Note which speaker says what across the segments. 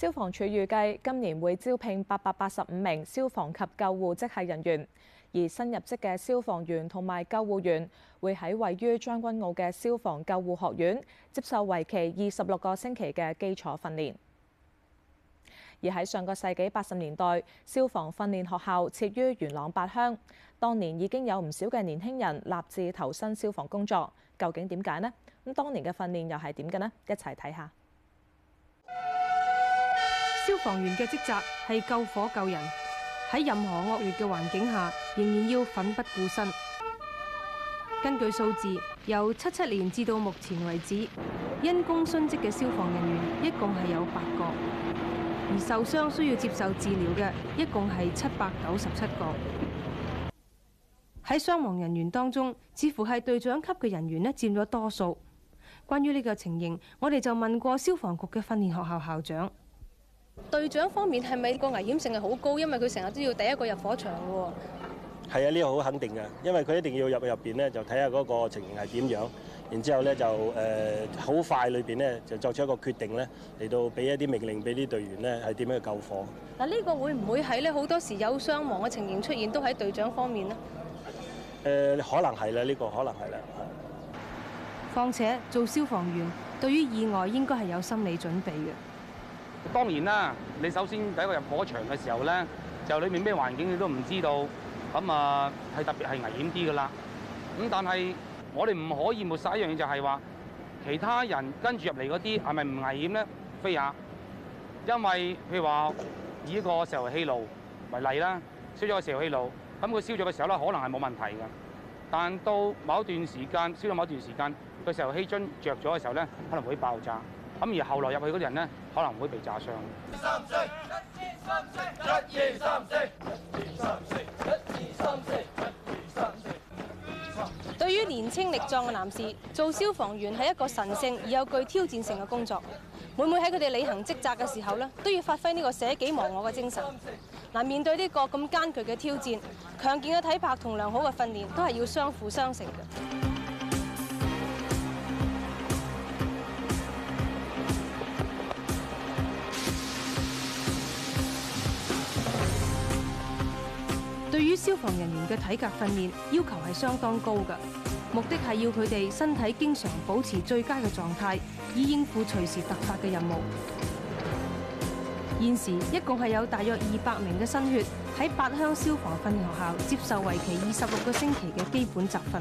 Speaker 1: 消防署預計今年會招聘八百八十五名消防及救護職系人員，而新入職嘅消防員同埋救護員會喺位於將軍澳嘅消防救護學院接受為期二十六個星期嘅基礎訓練。而喺上個世紀八十年代，消防訓練學校設於元朗八鄉，當年已經有唔少嘅年輕人立志投身消防工作。究竟點解呢？咁當年嘅訓練又係點嘅呢？一齊睇下。消防員嘅職責係救火救人，喺任何惡劣嘅
Speaker 2: 環境下仍然要奮不顧身。根據數字，由七七年至到目前為止，因公殉職嘅消防人員一共係有八個，而受傷需要接受治療嘅一共係七百九十七個。喺傷亡人員當中，似乎係隊長級嘅人員呢佔咗多數。關於呢個情形，我哋就問過消防局嘅訓練學校校長。隊長方面係咪個危險性係好高？因為佢成日都要第一個入火場嘅。係啊，呢、這個好肯定噶，因為佢一定要入入邊咧，就睇下嗰個情形係點樣，然之後咧就誒好、呃、快裏邊咧就作出一個決定咧，嚟到俾一啲命令俾啲隊員咧係點樣去救火。嗱、啊，呢、這個會唔會喺咧好多時候有傷亡嘅情形出現都喺隊長方面呢？誒、呃，可能係啦，呢、這個可能係啦。況且做消防員對於意外應該係有心理準備嘅。
Speaker 3: 當然啦，你首先第一個入火場嘅時候咧，就裡面咩環境你都唔知道，咁啊係特別係危險啲噶啦。咁、嗯、但係我哋唔可以抹殺一樣嘢，就係話其他人跟住入嚟嗰啲係咪唔危險咧？飛呀，因為譬如話以一個石油氣爐為例啦，燒咗個石油氣爐，咁佢燒咗嘅時候咧，可能係冇問題嘅。但到某一段時間，燒到某一段時間個石油氣樽着咗嘅時候咧，可能會爆炸。咁而後來入去嗰啲人呢，可能會被炸傷。
Speaker 2: 對於年輕力壯嘅男士，做消防員係一個神聖而有具挑戰性嘅工作。每每喺佢哋履行職責嘅時候呢，都要發揮呢個捨己忘我嘅精神。嗱，面對呢個咁艱巨嘅挑戰，強健嘅體魄同良好嘅訓練都係要相輔相成嘅。對於消防人員嘅體格訓練要求係相當高㗎，目的係要佢哋身體經常保持最佳嘅狀態，以應付隨時突發嘅任務。現時一共係有大約二百名嘅新血喺八鄉消防訓練學校接受為期二十六個星期嘅基本集訓，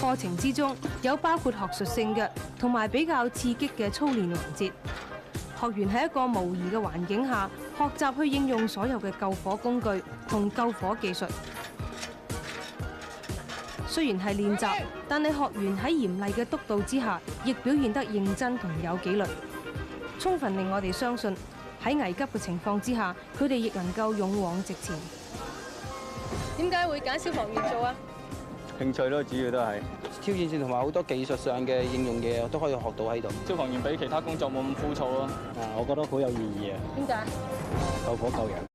Speaker 2: 課程之中有包括學術性嘅同埋比較刺激嘅操練環節。學員喺一個模擬嘅環境下學習去應用所有嘅救火工具同救火技術。雖然係練習，但係學員喺嚴厲嘅督導之下，亦表現得認真同有紀律，充分令我哋相信喺危急嘅情況之下，佢哋亦能夠勇往直前。點解會揀消防員做啊？
Speaker 3: 興趣咯，主要都係。挑戰性同埋好多技術上嘅應用嘢，我都可以學到喺度。消防員比其他工作冇咁枯燥咯。啊，我覺得好有意義啊。點解？救火救人。